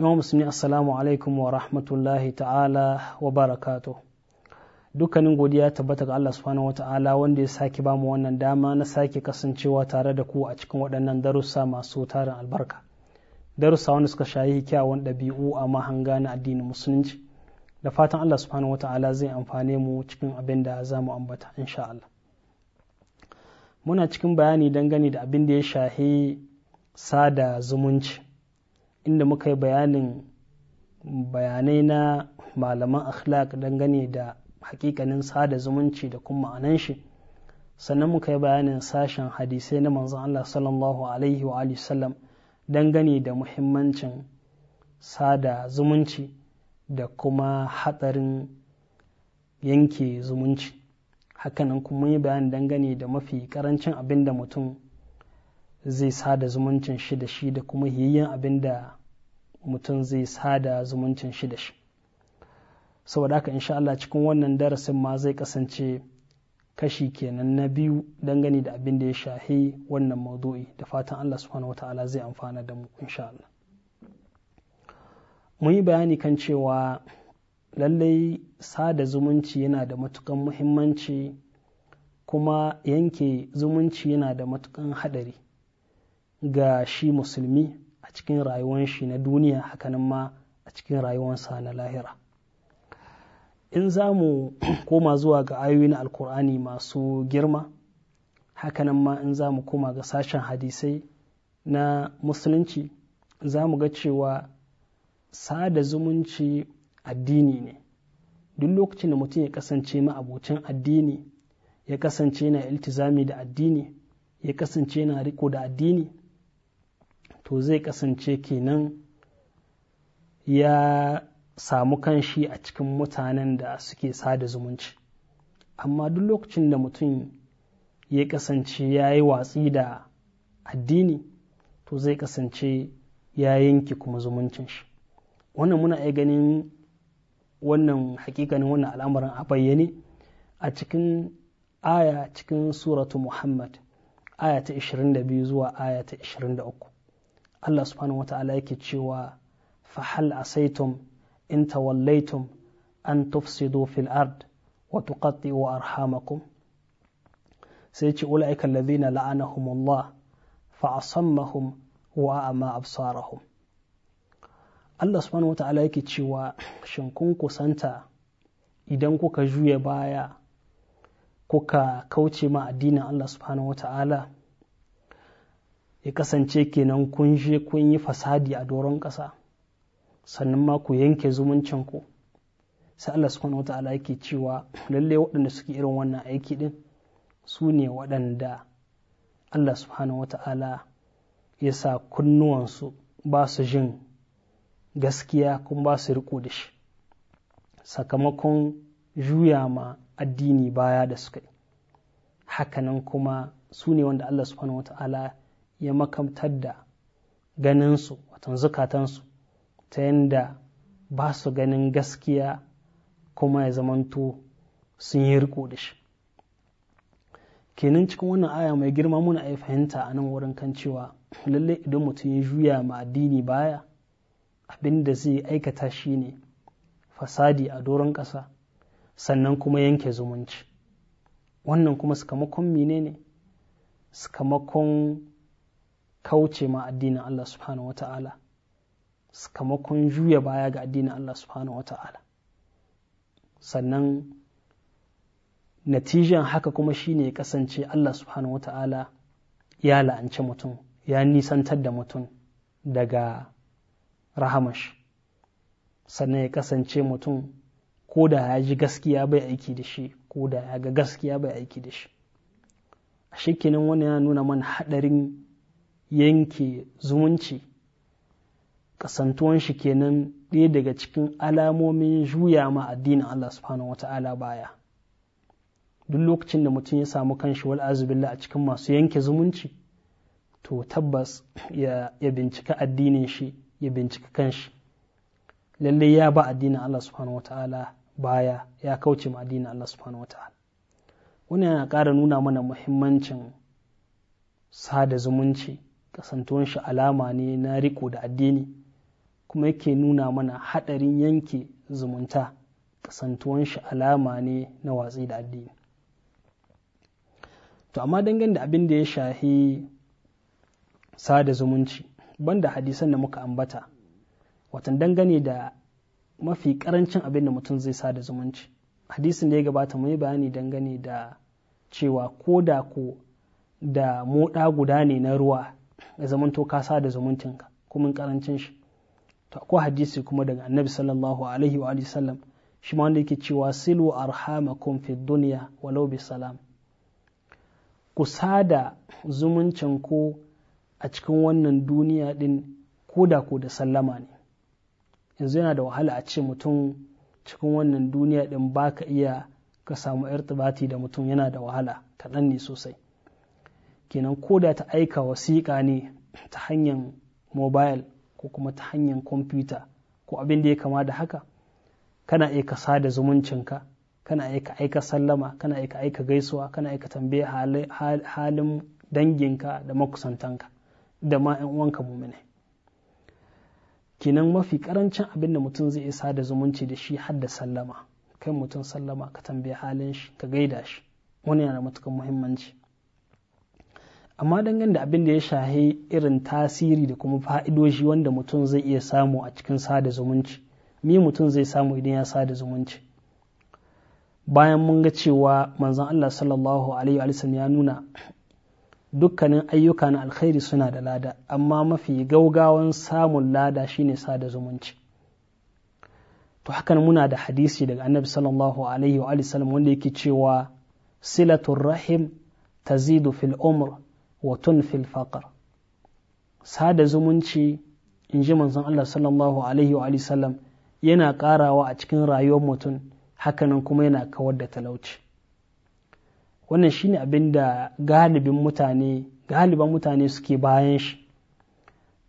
imam musulmi assalamu alaikum wa rahmatullahi ta'ala wa barakatuh dukkanin godiya tabbata ga Allah subhanahu wata'ala wanda ya sake ba mu wannan dama na sake kasancewa tare da ku a cikin waɗannan darussa masu tarin albarka darussa wanda suka shayi kyawun ɗabi'u a mahanga na addinin musulunci da fatan Allah subhanahu wata'ala zai amfane mu cikin abin da za mu ambata insha Allah muna cikin bayani dangane da abin da ya shahi sada zumunci inda muka yi bayanin bayanai na malaman akhlaq dangane da hakikanin sada zumunci da kuma ma'anan shi sannan muka yi bayanin sashen hadisai na manzon Allah sallallahu alaihi wa alihi sallam dangane da muhimmancin sada zumunci da kuma hatsarin yanke zumunci hakanan kuma yi bayani dangane da mafi karancin abin da mutum zai sada zumuncin shi da shi da kuma hiyayyen abin da mutum zai sada zumuncin shi da shi saboda haka insha Allah cikin wannan darasin ma zai kasance kashi kenan na biyu dangane da abin da ya shahi wannan maudu'i da fatan Allah subhanahu ta'ala zai amfana da mu insha Allah mun yi bayani kan cewa lallai sada zumunci yana da matukan muhimmanci kuma yanke zumunci yana da matukan hadari ga shi musulmi a cikin rayuwar shi na duniya hakanan ma a cikin rayuwarsa na lahira in za mu koma zuwa ga ayoyi na alkur'ani masu girma hakanan ma in za mu koma ga sashen hadisai na musulunci za mu ga cewa sada zumunci addini ne duk lokacin da mutum ya kasance ma'abocin addini ya kasance na iltizami da addini ya kasance na riko da addini to zai kasance kenan ya samu kanshi a cikin mutanen da suke sada zumunci amma duk lokacin da mutum ya kasance ya yi watsi da addini to zai kasance ya yanki kuma zumuncin shi wannan muna iya ganin wannan hakikanin wannan al'amarin a bayyane a cikin aya cikin suratu muhammad aya ta 22 zuwa aya ta 23 Allah subhanahu wa ta'ala yake cewa fahal asaitum in tawallaitum an tufsidu fil ard wa tuqatti'u arhamakum sai ce ula'ika alladhina la'anahumullah fa asammahum wa ama absarahum Allah subhanahu wa ta'ala yake cewa shin kun kusanta idan kuka juya baya kuka kauce ma addinin Allah subhanahu wa ta'ala ya kasance kenan kun je kun yi fasadi a doron ƙasa sannan ma ku yanke zumuncin ku sai Allah subhanahu wa ta'ala yake cewa lalle waɗanda suke irin wannan aiki din su ne waɗanda Allah subhanahu wa ta'ala ya sa kunnuwansu ba su jin gaskiya kuma ba su riko da shi sakamakon juya ma addini baya da suka yi hakanan kuma su ne wanda Allah subhanahu wa ta'ala ya makamtar da ganinsu watan zukatansu ta yadda ba su ganin gaskiya kuma ya zamanto sun yi riko da shi kenan cikin wannan aya mai girma muna a fahimta a nan wurin kan cewa lallai idan mutum ya juya ma addini baya abin da zai aikata shi ne fasadi a doron ƙasa sannan kuma yanke zumunci wannan kuma sakamakon menene sakamakon kauce ma addinin Allah subhanahu wa ta'ala sakamakon juya baya ga addinin Allah subhanahu wa ta'ala sannan natijan haka kuma shine ya kasance Allah subhanahu wa ta'ala ya la'anci mutum ya nisantar da mutum daga rahamash sannan ya kasance mutum ko da ya ji gaskiya bai aiki da shi ko da ya ga gaskiya bai aiki da shi a shekinan wani ya nuna man haɗarin yanke zumunci kasantuwan shi kenan ɗaya daga cikin alamomin juya ma addinin Allah subhanahu ta'ala baya duk lokacin da mutum ya samu kanshi wal azubillah a cikin masu yanke zumunci to tabbas ya bincika addinin shi ya bincika kanshi lallai ya ba addinin Allah subhanahu ta'ala baya ya kauce ma addinin Allah subhanahu ta'ala wannan yana ƙara nuna mana muhimmancin sada zumunci kasantuwan shi alama ne na riko da addini kuma yake nuna mana haɗarin yanke zumunta kasantuwan shi alama ne na watsi da addini to amma dangane da abin da ya shahi sada zumunci banda hadisan da muka ambata watan dangane da mafi karancin abin da mutum zai sada zumunci hadisin da ya gabata mai bayani dangane da cewa ko da ko da moɗa guda ne na ruwa ya zamanto ka sa da zumuncinka kuma karancin shi to ko hadisi kuma daga annabi sallallahu alaihi wa alihi sallam shi ma wanda yake cewa silu arhamakum fi dunya walau bi salam ku sada zumuncin ku a cikin wannan duniya din koda ko da sallama ne yanzu yana da wahala a ce mutum cikin wannan duniya din baka iya ka samu irtibati da mutum yana da wahala kaɗan ne sosai kenan ko da ta aika wasiƙa ne ta hanyar mobile ko kuma ta hanyar kwamfuta ko abin da ya kama da haka kana iya ka sada zumuncinka kana iya ka aika sallama kana iya aika gaisuwa kana iya ka tambaye halin danginka da makusantanka da ma 'yan uwanka mumine kinan mafi karancin abin da mutum zai isa da zumunci da shi hadda sallama kai mutum sallama ka tambaye halin shi ka gaida shi wani yana matukan muhimmanci amma dangane da abin da ya shahi irin tasiri da kuma fa'idoji wanda mutum zai iya samu a cikin sada zumunci mi mutum zai samu idan ya sada zumunci bayan mun ga cewa manzon Allah sallallahu alaihi wa ya nuna dukkanin ayyuka na alkhairi suna da lada amma mafi gaugawan samun lada shine sada zumunci to hakan muna da hadisi daga annabi sallallahu alaihi wa sallam wanda yake cewa silatul rahim tazidu fil umr wa tunfi al sada zumunci in ji manzon Allah sallallahu alaihi wa sallam yana ƙarawa a cikin rayuwar mutum hakanan kuma yana kawar da talauci wannan shine abin da galibin mutane galiban mutane suke bayan shi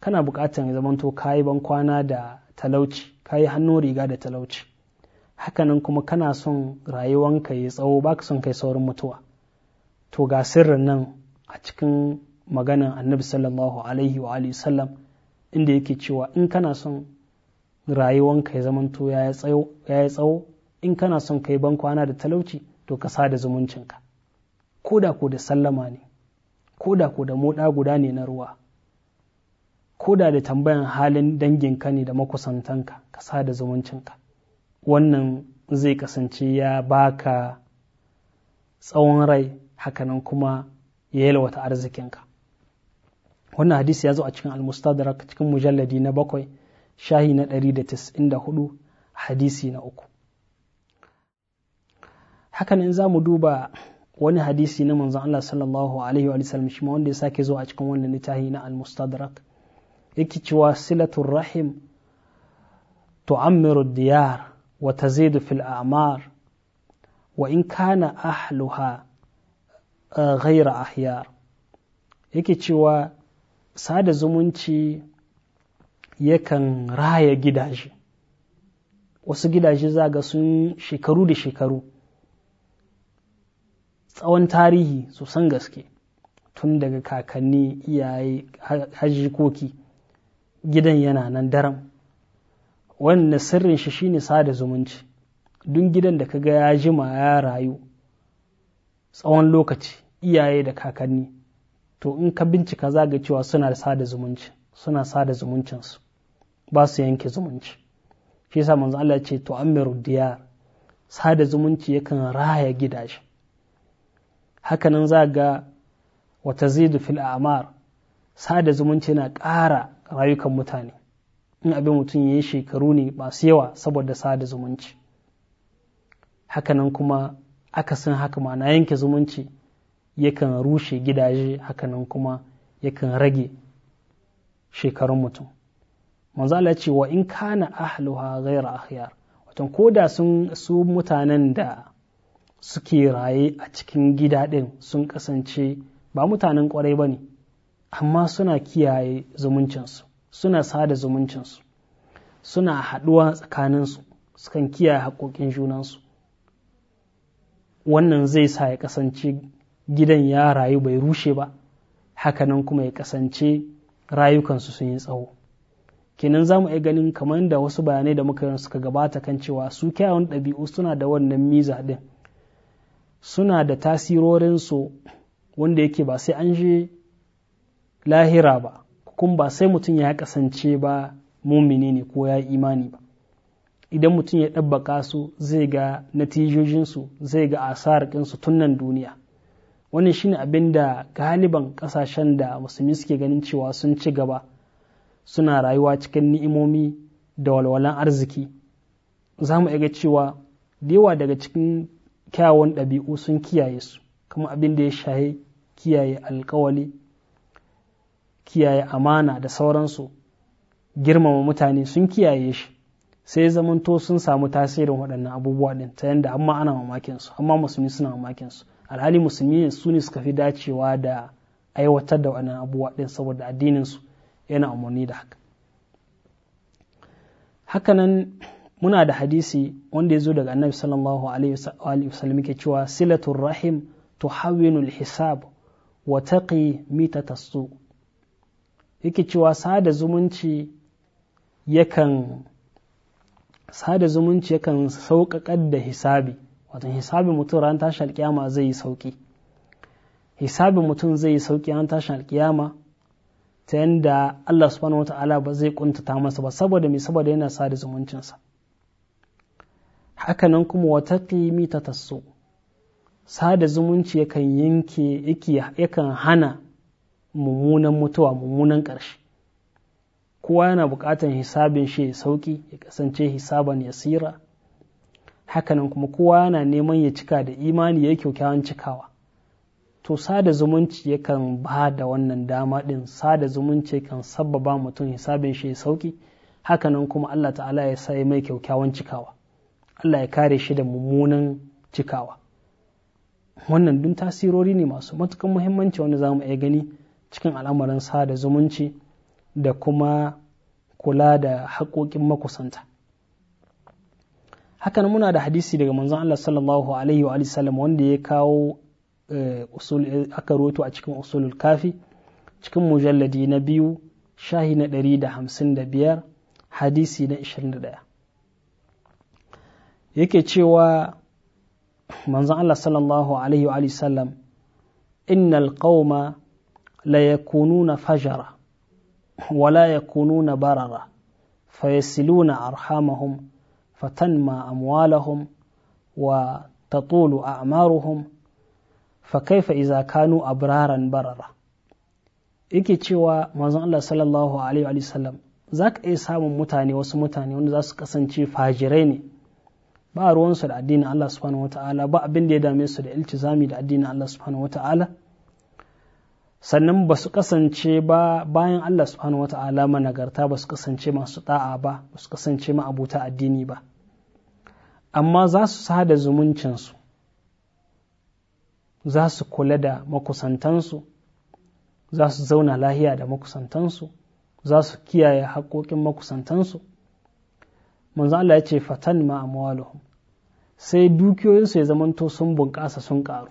kana buƙatar zamanto kayi ban kwana da talauci kayi hannu riga da talauci hakanan kuma kana son rayuwanka ya tsawo baka son kai saurin mutuwa to ga sirrin nan a cikin maganan annabi sallallahu alaihi wa alihi sallam inda yake cewa in kana son rayuwanka ya zamanto ya yi tsawo in kana son kai ban kwana da talauci to ka sada zumuncinka ko da ko da sallama ne ko da ko da moda guda ne na ruwa ko da da tambayan halin danginka ne da makusantanka ka sada ka, wannan zai kasance ya baka tsawon rai hakanan kuma ya yalwata arzikinka wannan hadisi ya zo a cikin almustadrak cikin mujalladi na bakwai shahi na 194 hadisi na uku hakan in za mu duba wani hadisi na manzon Allah sallallahu alaihi wa sallam shi wanda ya sake zo a cikin wannan littafi na al-mustadrak yake cewa silatul rahim tu'ammiru diyar wa tazidu fil a'mar wa in kana ahluha ghaira ahyar yake cewa sada zumunci yakan raya gidaje wasu gidaje za zaga sun shekaru da shekaru tsawon tarihi su san gaske tun daga kakanni iyaye hajjikoki gidan yana nan daram wannan sirrin shi shine sada zumunci duk gidan da kaga ya jima ya rayu tsawon lokaci iyaye da kakanni to in ka bincika za ga cewa suna sada zumunci suna sada zumuncinsu ba su yanke zumunci shi yasa manzo Allah ce to amiru diyar sada zumunci yakan raya gidaje hakanan za ga wata zidu fil a'mar sada zumunci na ƙara rayukan mutane in abin mutum ya yi shekaru ne masu yawa saboda sada zumunci hakanan kuma akasin haka ma na yanke zumunci yakan rushe gidaje hakanan kuma yakan rage shekarun mutum manzo Allah ce wa in kana ahluha ghayra akhyar wato ko da sun su mutanen da suke raye a cikin gida din sun kasance ba mutanen kwarai bane amma suna kiyaye zumuncinsu suna sada zumuncinsu suna haɗuwa tsakaninsu sukan kiyaye haƙoƙin junansu wannan zai sa ya kasance gidan ya rayu bai rushe ba hakanan kuma ya kasance rayukansu sun yi tsawo kenan za mu iya ganin kamar da wasu bayanai da muka suka gabata kan cewa su kyawun ɗabi'u suna da wannan miza ɗin suna da tasirorinsu wanda yake ba sai an je lahira ba kuma ba sai mutum ya kasance ba mumini ne ko ya imani ba idan mutum ya ɗabbaka su zai ga natijojinsu zai ga asar ɗinsu tun nan duniya wannan shine abin da galiban kasashen da musulmi suke ganin cewa sun ci gaba suna rayuwa cikin ni'imomi da walwalan arziki za mu ga cewa da daga cikin kyawun ɗabi'u sun kiyaye su kuma abin da ya shahe kiyaye alkawali kiyaye amana da sauransu girmama mutane sun kiyaye shi sai zamanto sun samu tasirin waɗannan abubuwa ɗin ta yadda amma ana mamakin su amma musulmi suna mamakinsu alhali musulmi ne su ne suka fi dacewa da aiwatar da wannan abubuwa ɗin saboda addininsu yana umarni da haka hakanan muna da hadisi wanda ya zo daga annabi sallallahu alaihi wasallam yake cewa silatul rahim to al-hisab wa taqi mita tasu yake cewa sada zumunci yakan sada zumunci yakan sauƙaƙar da hisabi wato hisabin mutum ran tashi alkiyama zai yi sauki hisabin mutum zai yi sauki ran tashi alkiyama ta yadda Allah subhanahu wa ta'ala ba zai kuntata masa ba saboda mai saboda yana sada zumuncinsa Haka nan kuma wata ƙimi ta taso sada zumunci yakan yanke yakan hana mummunan mutuwa mummunan ƙarshe kowa yana buƙatar hisabin shi sauƙi ya kasance hisaban yasira hakanan kuma kowa yana neman ya cika da imani ya yi kyaukyawan cikawa to sada zumunci yakan ba da wannan dama ɗin sada zumunci kan sabbaba mutum hisabin shi ya sauki hakanan kuma Allah ta'ala ya sa mai kyaukyawan cikawa Allah ya kare shi da mummunan cikawa wannan dun tasirori ne masu matukan muhimmanci wanda za mu iya gani cikin al'amarin sada zumunci da kuma kula da haƙoƙin makusanta hakan muna da hadisi daga manzon Allah sallallahu alaihi wa sallam wanda ya kawo eh, usul eh, aka roto a cikin usulul kafi cikin mujalladi na biyu shahi na 155 hadisi na 21 yake cewa manzon Allah sallallahu alaihi wa sallam innal qauma la yakununa fajara wala yakununa barara fayasiluna arhamahum fatanma amwalahum wa a a'maruhum fa kaifa iza kanu abraran barara yake cewa manzon Allah sallallahu alaihi wa sallam za ka iya samun mutane wasu mutane wanda za su kasance fajirai ne ba ruwansu da addinin Allah subhanahu wa ta'ala ba abin da ya dame su da iltizami da addinin Allah subhanahu wa ta'ala sannan ba su kasance ba bayan Allah subhanahu wa ta'ala managarta ba su kasance masu da'a ba ba su kasance ma'abuta addini ba amma za su sada zumuncinsu za su kula da makusantansu za su zauna lahiya da makusantansu za su kiyaye haƙoƙin makusantansu manzo Allah ya ce fatan ma sai dukiyoyinsu ya zamanto sun bunƙasa sun ƙaru.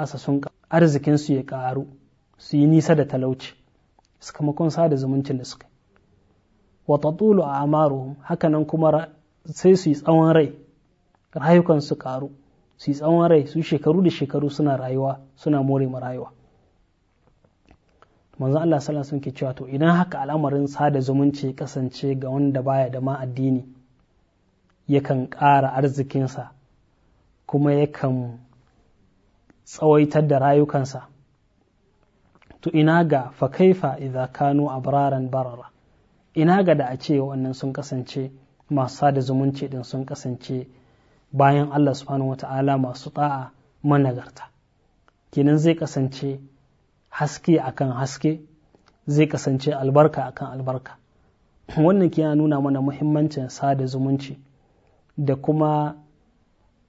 arzikinsu ya ƙaru su yi nisa da talauci sakamakon sada zumuncin da suka wa tatulu a amaruhum hakanan kuma sai su yi tsawon rai rayukan su karu su yi tsawon rai su shekaru da shekaru suna rayuwa suna more ma rayuwa manzo Allah sallallahu alaihi ke cewa to idan haka al'amarin sada zumunci kasance ga wanda baya da ma addini yakan ƙara arzikinsa kuma yakan tsawaitar da rayukansa to ina ga fa kaifa idza kanu abraran barara ina ga da a ce wannan sun kasance masu sada zumunci din sun kasance bayan Allah subhanahu wata'ala masu ta'a managarta kenan zai kasance haske akan haske zai kasance albarka akan albarka wannan ke nuna mana muhimmancin sada zumunci da kuma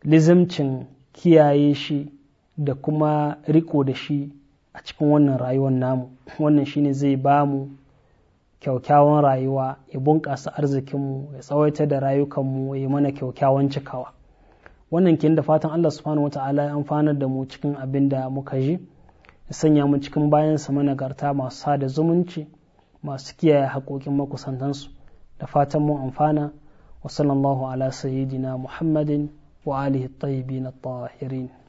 lizimcin kiyaye shi da kuma riko da shi a cikin wannan rayuwar namu wannan shine zai ba mu kyaukyawan rayuwa ya bunƙasa arzikinmu ya tsawaita da rayukanmu ya mana kyaukyawan cikawa wannan kin da fatan Allah subhanahu wata'ala ya amfana da mu cikin abin da muka ji ya sanya mu cikin bayan sa managarta masu sada zumunci masu kiyaye haƙoƙin makusantansu da fatan mu amfana wa sallallahu ala sayyidina muhammadin wa alihi tayyibin at-tahirin